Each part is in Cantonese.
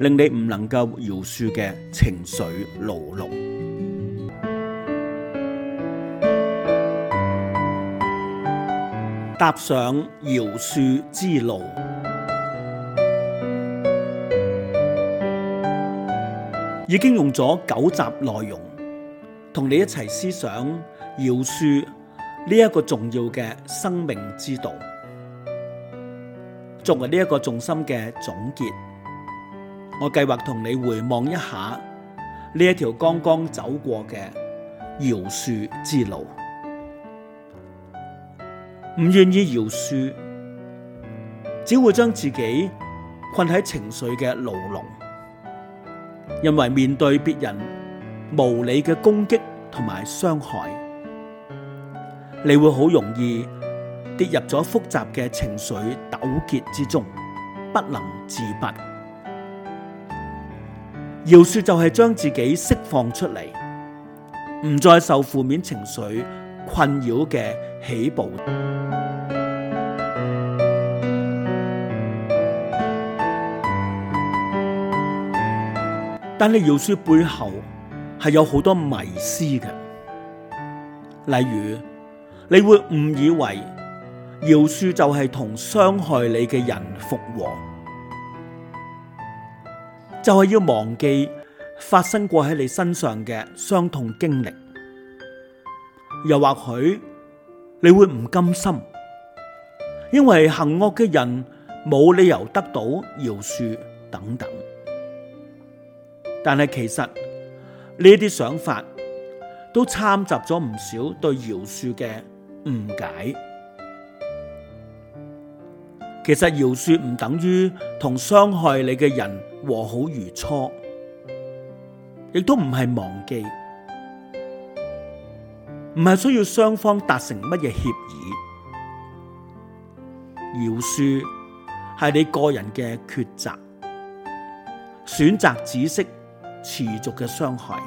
令你唔能夠饒恕嘅情緒牢籠，踏上饒恕之路，已經用咗九集內容同你一齊思想饒恕呢一個重要嘅生命之道。作為呢一個重心嘅總結。我計劃同你回望一下呢一條剛剛走過嘅饒恕之路，唔願意饒恕，只會將自己困喺情緒嘅牢籠。因為面對別人無理嘅攻擊同埋傷害，你會好容易跌入咗複雜嘅情緒糾結之中，不能自拔。饒恕就係將自己釋放出嚟，唔再受負面情緒困擾嘅起步。但係饒恕背後係有好多迷思嘅，例如你會誤以為饒恕就係同傷害你嘅人復和。就係要忘記發生過喺你身上嘅傷痛經歷，又或許你會唔甘心，因為行惡嘅人冇理由得到饒恕等等。但係其實呢啲想法都摻雜咗唔少對饒恕嘅誤解。其實饒恕唔等於同傷害你嘅人。和好如初，亦都唔係忘記，唔係需要雙方達成乜嘢協議。饒恕係你個人嘅抉擇，選擇止息持續嘅傷害，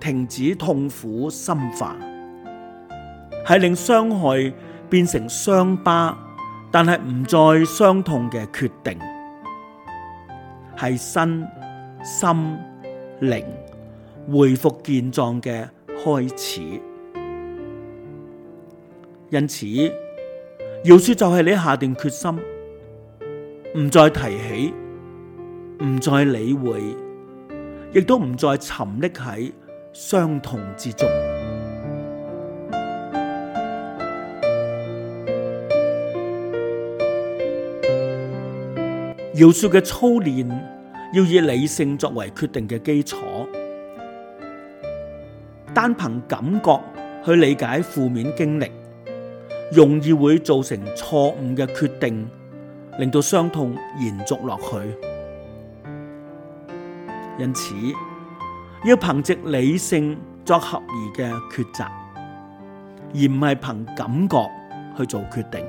停止痛苦心煩，係令傷害變成傷疤，但係唔再傷痛嘅決定。係身心靈恢復健壯嘅開始，因此饒恕就係你下定決心，唔再提起，唔再理會，亦都唔再沉溺喺傷痛之中。饒恕嘅操練要以理性作為決定嘅基礎，單憑感覺去理解負面經歷，容易會造成錯誤嘅決定，令到傷痛延續落去。因此，要憑借理性作合宜嘅抉擇，而唔係憑感覺去做決定。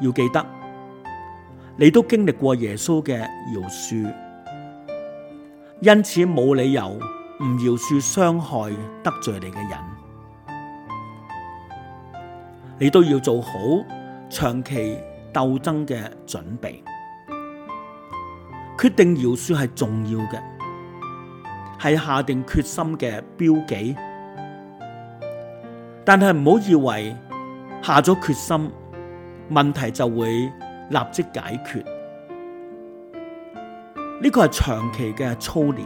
要記得。你都經歷過耶穌嘅饒恕，因此冇理由唔饒恕傷害得罪你嘅人。你都要做好長期鬥爭嘅準備，決定饒恕係重要嘅，係下定決心嘅標記。但係唔好以為下咗決心，問題就會。立即解決，呢個係長期嘅操練。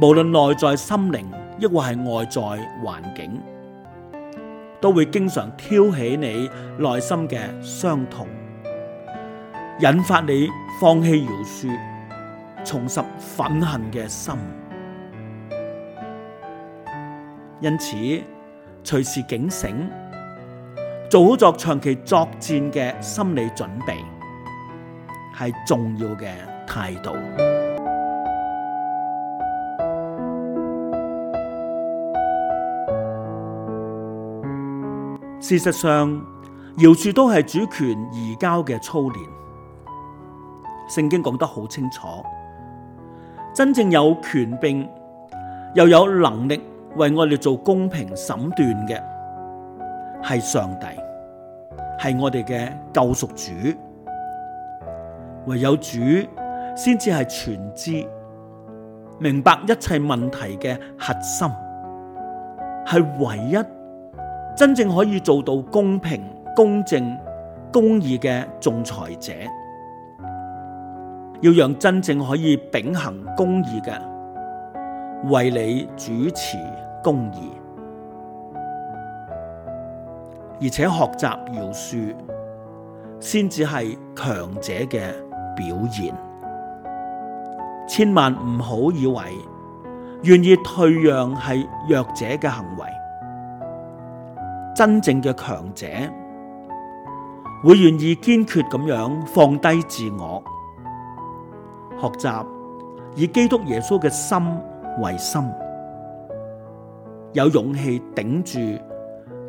無論內在心靈，抑或係外在環境，都會經常挑起你內心嘅傷痛，引發你放棄饒恕，重拾憤恨嘅心。因此，隨時警醒。做好作長期作戰嘅心理準備係重要嘅態度。事實上，饒恕都係主權移交嘅操練。聖經講得好清楚，真正有權柄，又有能力為我哋做公平審斷嘅，係上帝，係我哋嘅救贖主。唯有主先至係全知，明白一切問題嘅核心，係唯一真正可以做到公平、公正、公義嘅仲裁者。要讓真正可以秉行公義嘅，為你主持公義。而且學習饒恕，先至係強者嘅表現。千萬唔好以為願意退讓係弱者嘅行為。真正嘅強者會願意堅決咁樣放低自我，學習以基督耶穌嘅心為心，有勇氣頂住。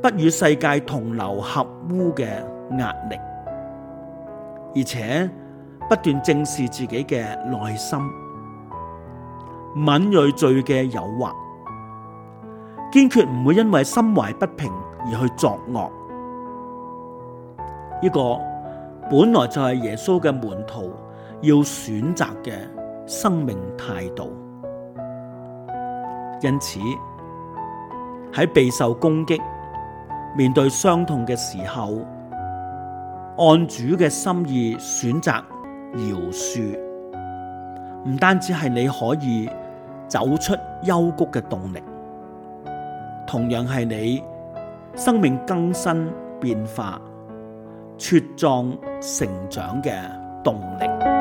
不與世界同流合污嘅壓力，而且不斷正視自己嘅內心，敏銳罪嘅誘惑，堅決唔會因為心懷不平而去作惡。呢個本來就係耶穌嘅門徒要選擇嘅生命態度，因此喺備受攻擊面對傷痛嘅時候，按主嘅心意選擇饒恕，唔單止係你可以走出幽谷嘅動力，同樣係你生命更新變化、茁壯成長嘅動力。